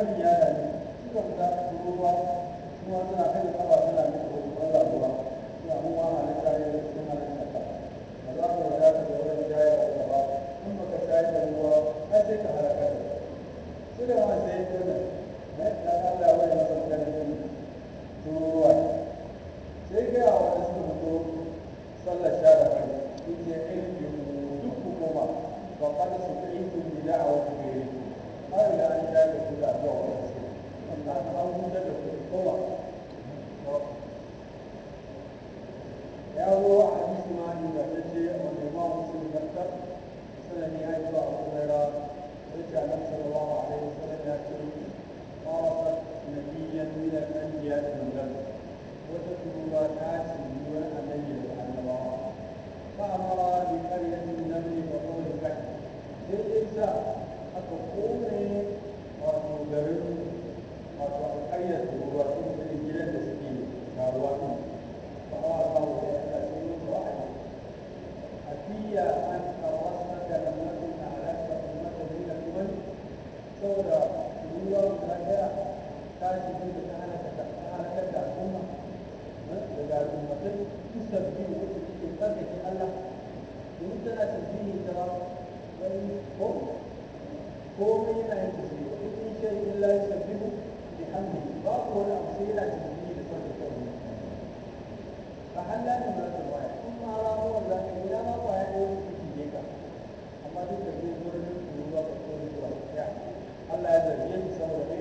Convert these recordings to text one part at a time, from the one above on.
California uh, komai yana yin tasbihi in min shay illa yusabbihu bihamdihi babu wani abu sai yana tasbihi da farko kawai fa halla ne ma ta waya in ma ra ko za ka yi ma ko ya yi kiki ne ka amma duk da zai zo da ruwa ba ko ruwa ya Allah ya zarge shi saboda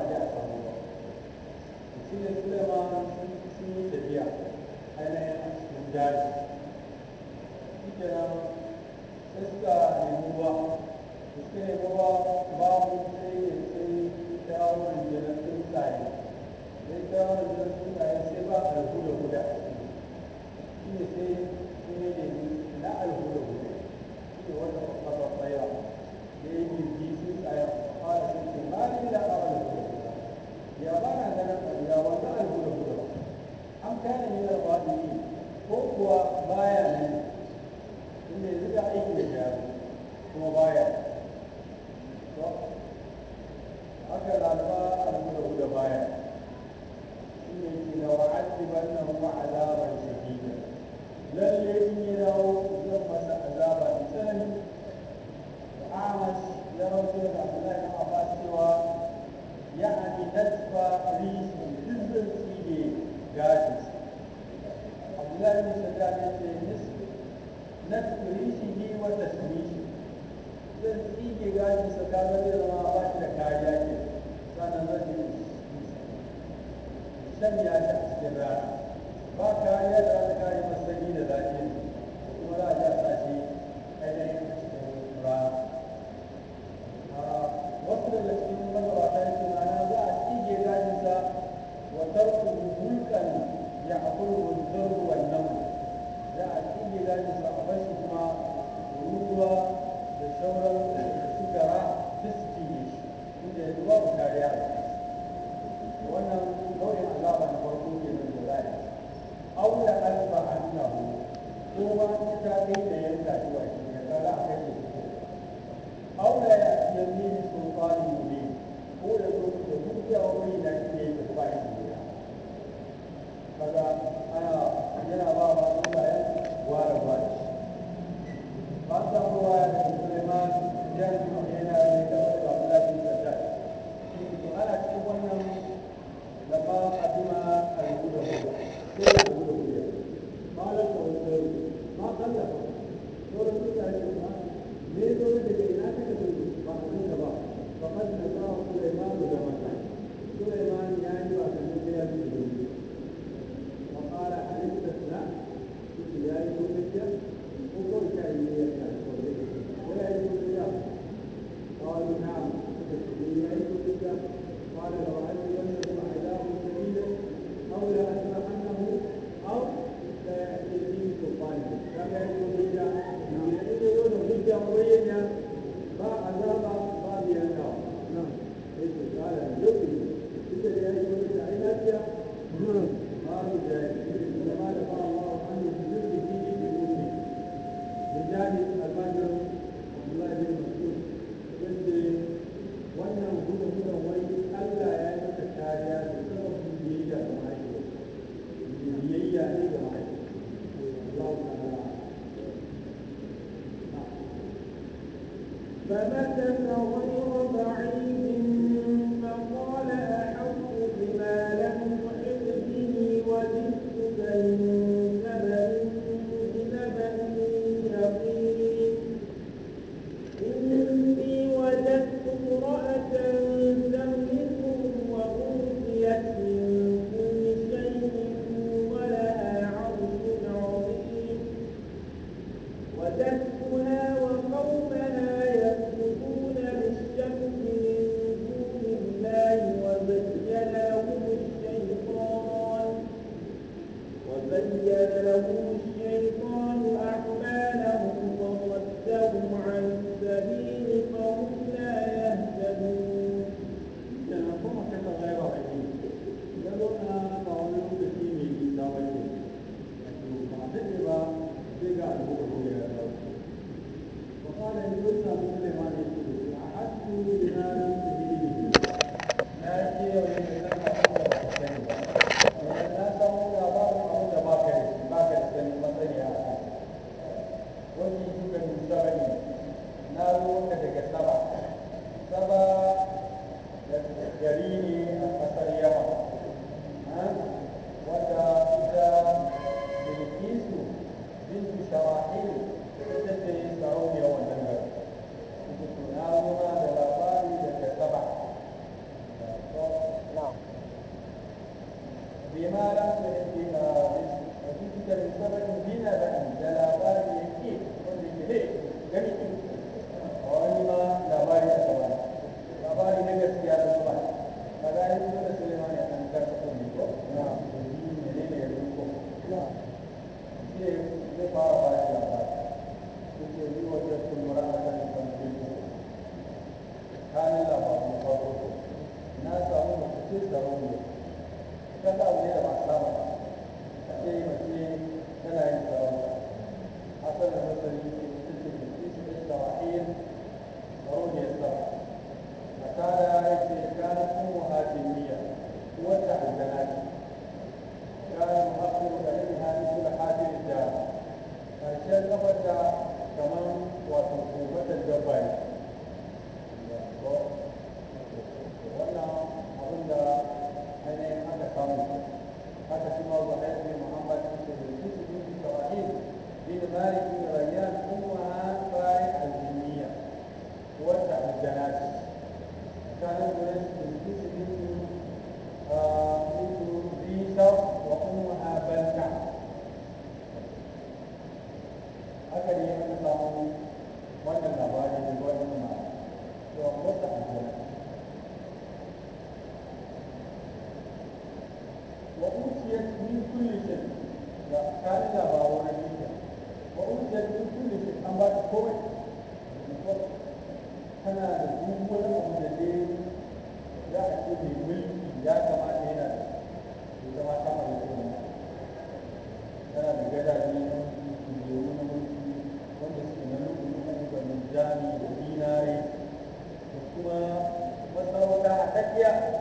a ji a samu ba shi ne suleiman sun yi tafiya ainihin a cikin daji sai suka nemi ruwa da suka nemi ruwa babu sai ya sai dawo da jiran tsuntsaye da ya dawo da jiran sai ba alhuda guda shi ne sai sun yi nemi na alhuda guda shi ne wanda babba babba yawa da ya yi biyu a fara sai ke ma lila ya ba na ganin ƙarya wanda an da gudu an kana ne da ba ko kuwa baya ne inda yanzu da aiki da jari kuma baya ne فمكث غير بعيد Menschen Yeah.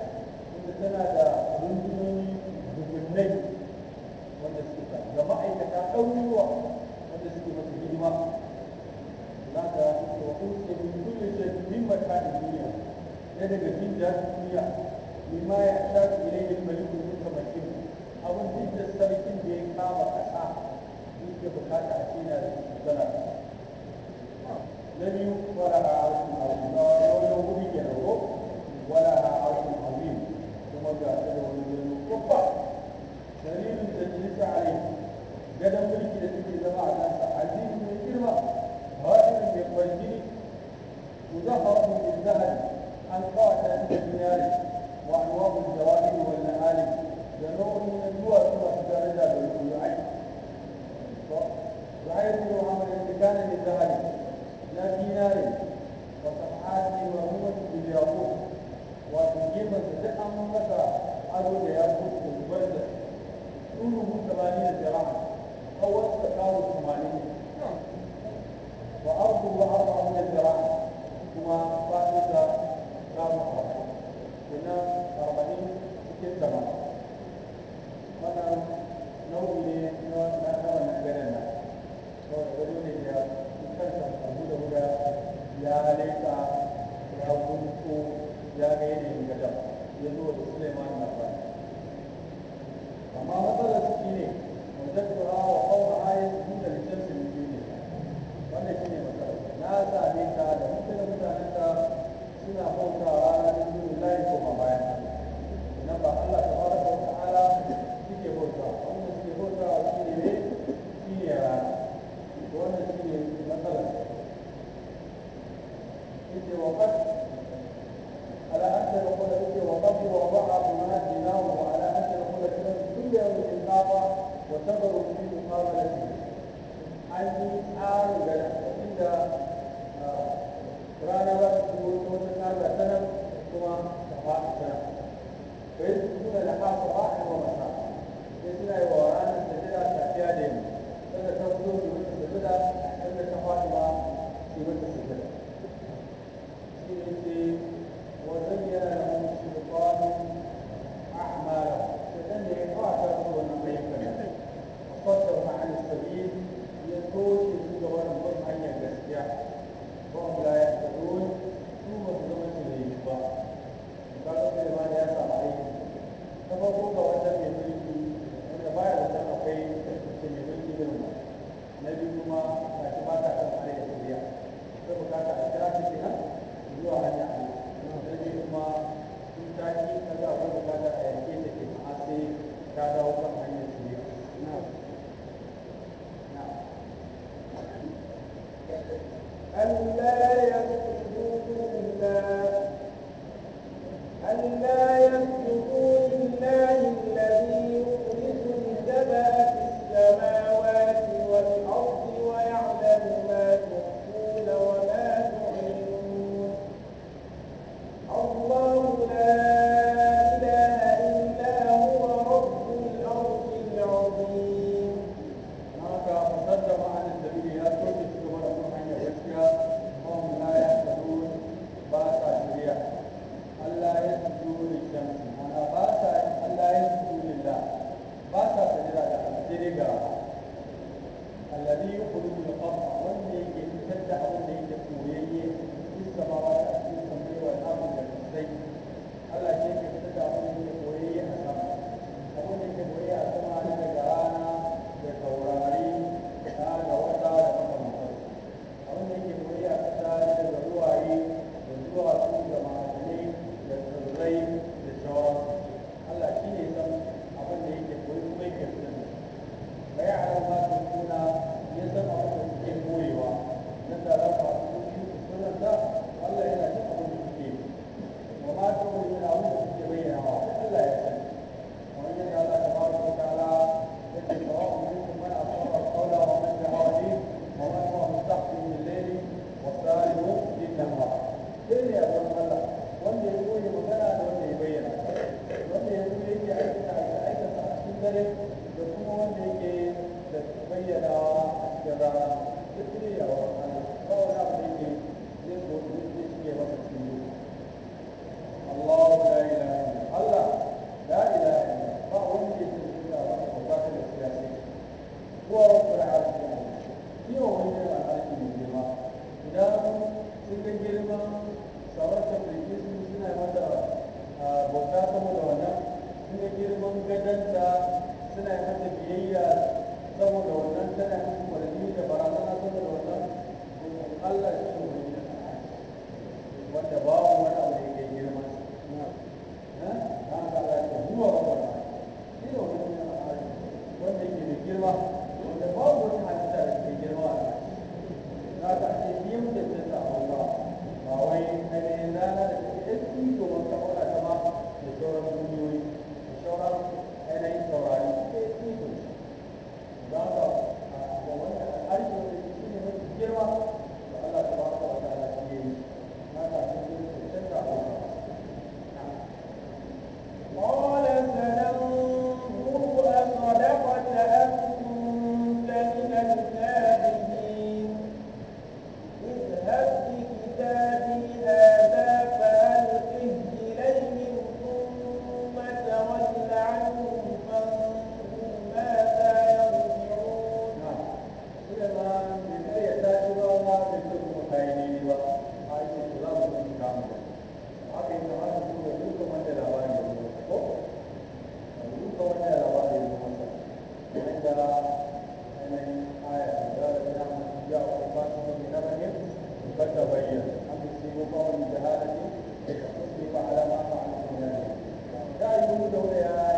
兄的呀。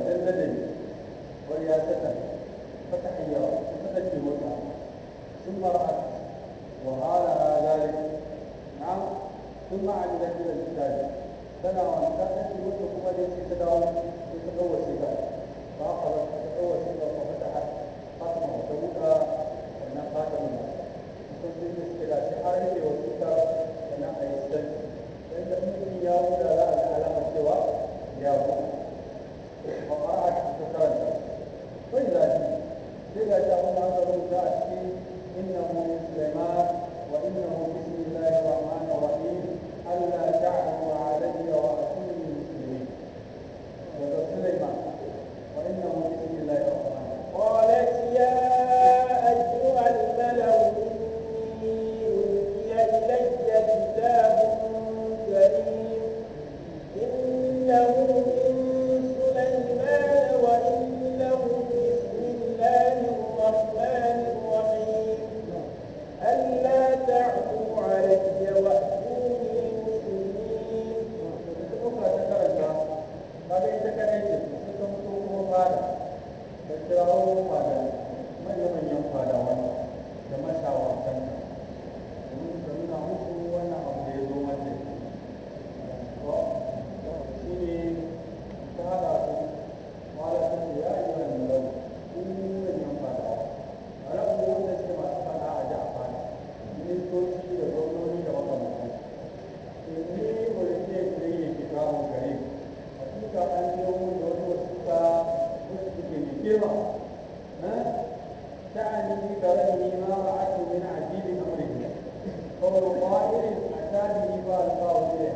المدني ورياسته فتح اليوم وفتت المتعة ثم رأت وهالها ذلك نعم ثم عملت إلى الإسلام فلا وانتقت المتعة التي تداوم لتقوى الشباب فأخذت وقائل الأكاد بما القاضي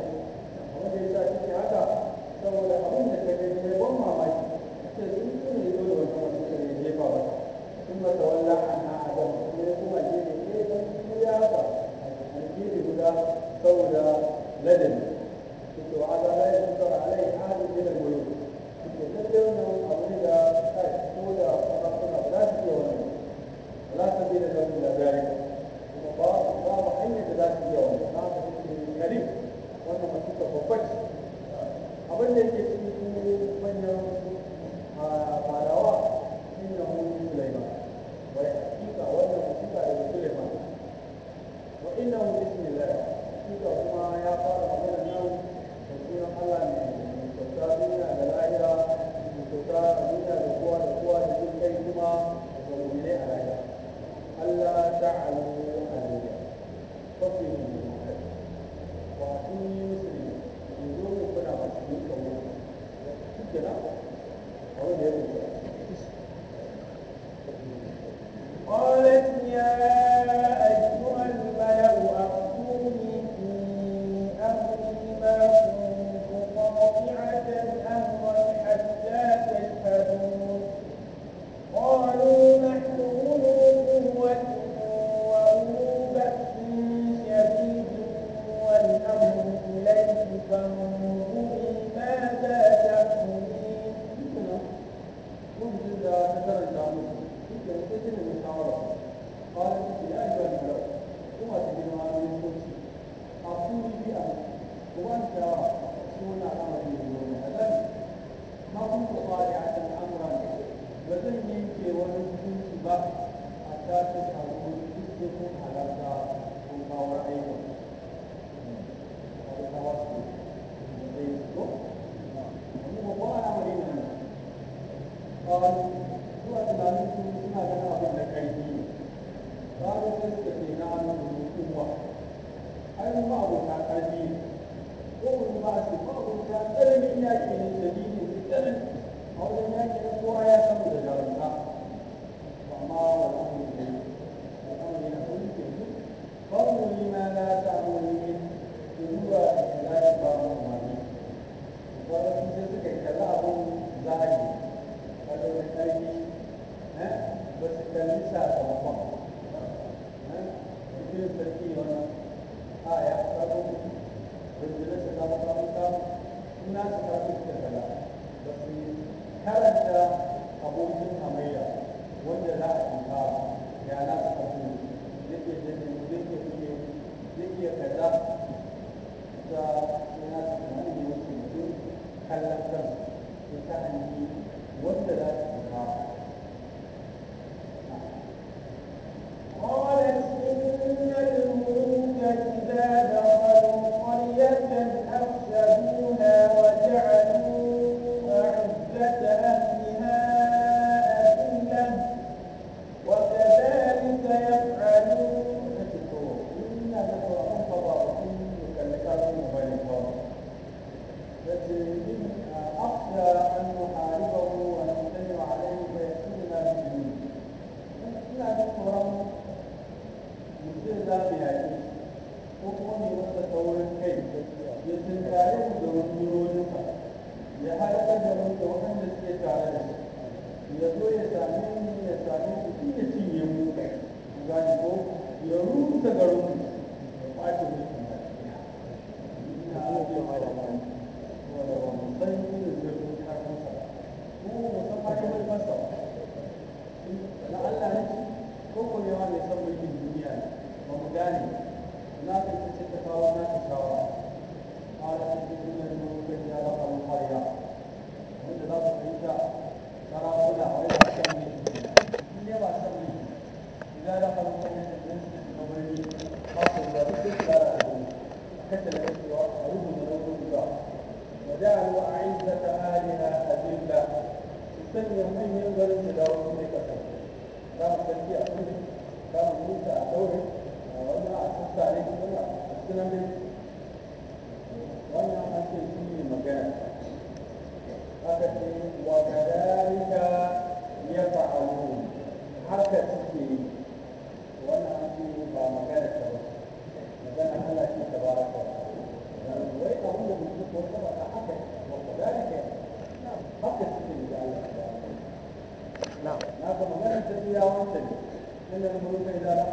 الا الملوك اذا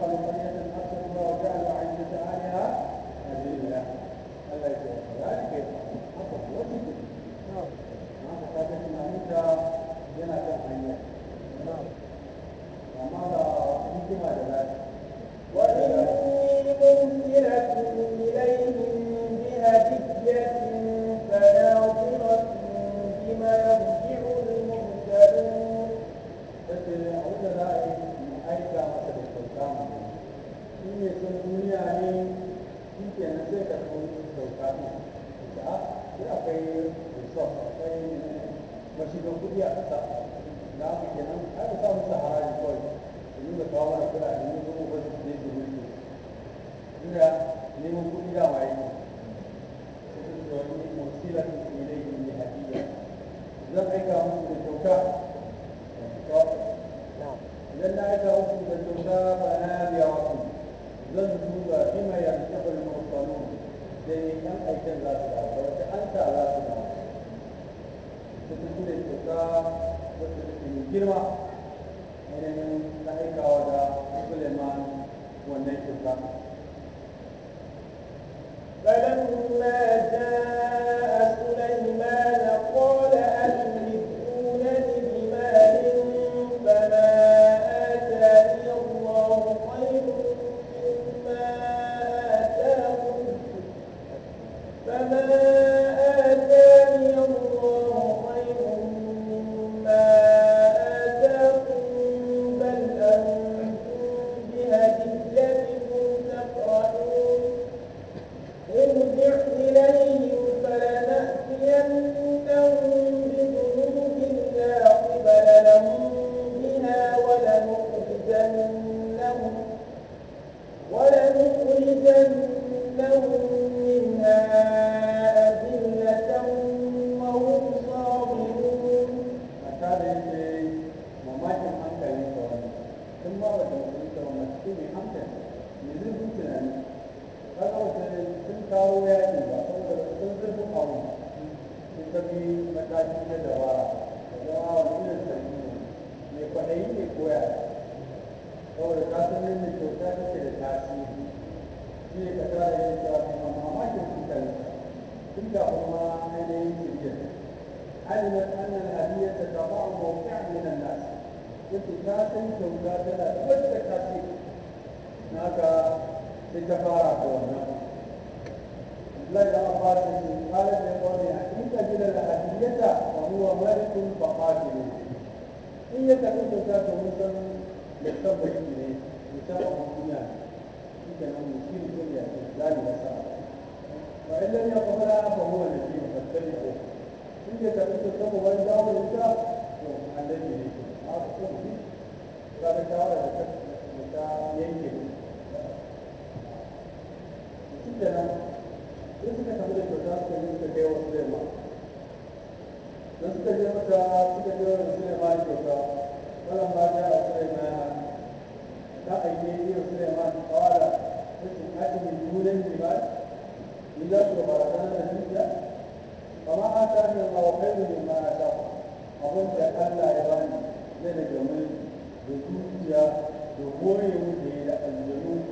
da yau da ya da aljanu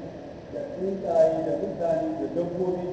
da tsuntsaye da mutane da dabbobi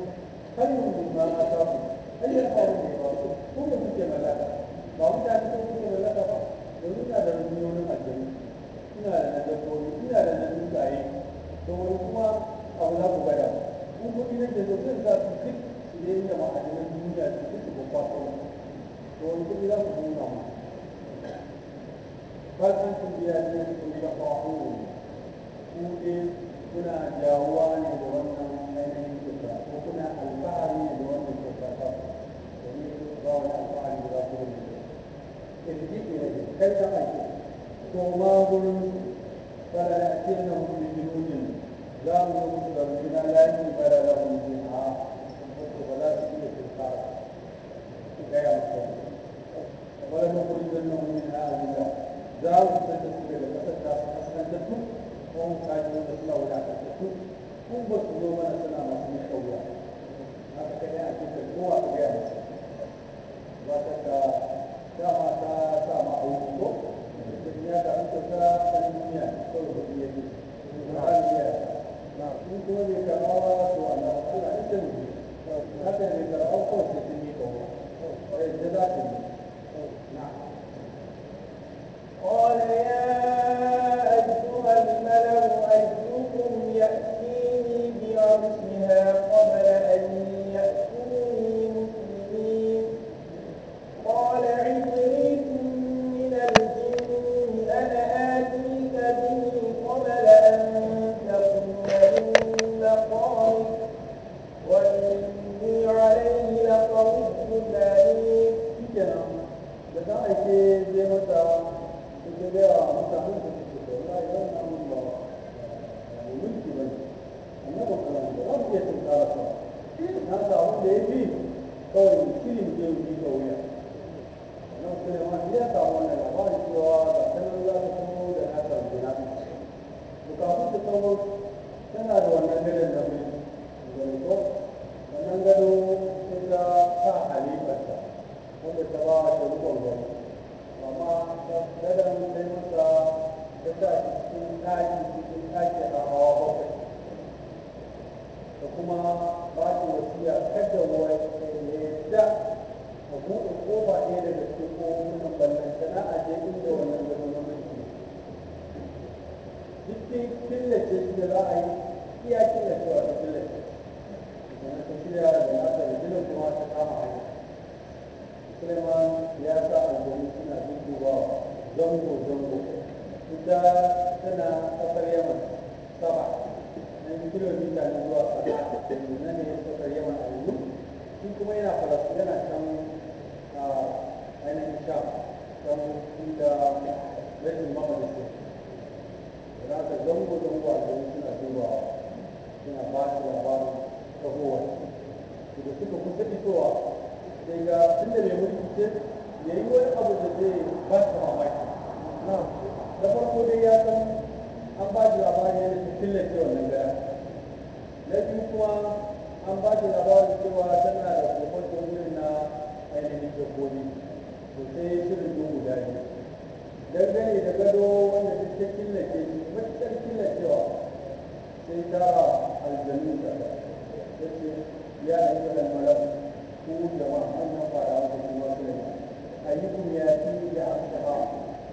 in kuma bai karɓa ba to a nan Allah ya tsaye haka bai karɓa ko sai sun yi kawo sai da za ta yi na'am ita tana kasar yaman saba na yi kilomita na zuwa sana'a nan ne kasar yaman a yanzu shi kuma yana farasu yana can a ainihin sha can inda rashin mamaye su da haka zango zango a gari suna dubawa suna ba su labarin tahowar da suka kusa fitowa sai ga tun da mai mulki ce ya yi wani abu da zai ba ta mamaye da farko dai ya san an ba shi labarin yadda ta killace wannan gara na biyu kuma an ba shi labarin cewa tana da kuma irin na ainihin dabbobi to sai shirin su guda biyu dangane da gado wanda ta killace matuƙar killacewa sai ta aljanu ta ta ce ya aiki da mara ko jama'a an fara wasu kuma su a yi kuma ya fi da aka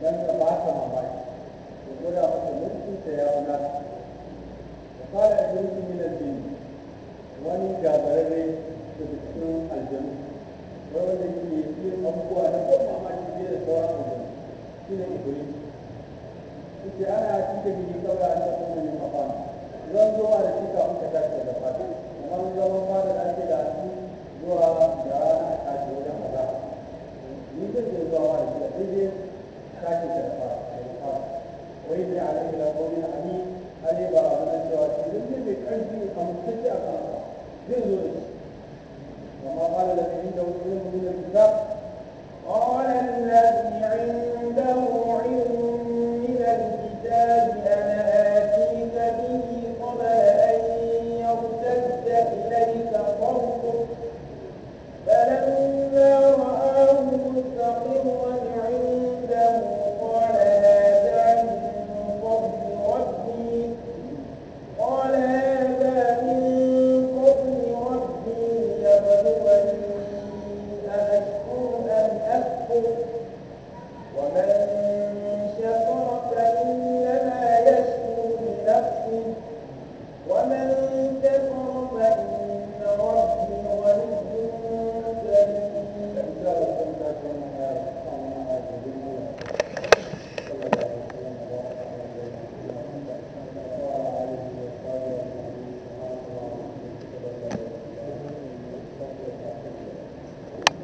don ka ba ta mamaki da gwada mata mulki ya yawo na da fara ibirki min aljini wani gagararre daga cikin aljanu wai wanda yake yin abubuwa na ban mamaki fiye da sauran aljanu shi ne ibiri suke ana cikin biyu kawai an tafi wani mafana zan zo a da shi kafin ka tashi daga fata kamar zaman fata da ake da zuwa